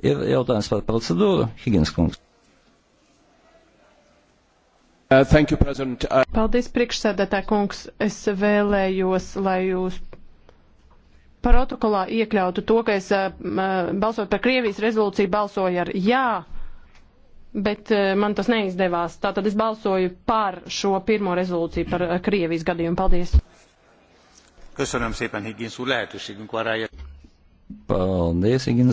Ir jautājums par procedūru, Higgins kungs. Uh, you, uh... Paldies, priekšsēdētā kungs. Es vēlējos, lai jūs protokolā iekļautu to, ka es uh, uh balsot par Krievijas rezolūciju balsoju ar jā, bet uh, man tas neizdevās. Tātad es balsoju par šo pirmo rezolūciju par uh, Krievijas gadījumu. Paldies! Köszönöm szépen, Higgins úr, lehetőségünk arra. Paldies, Higgins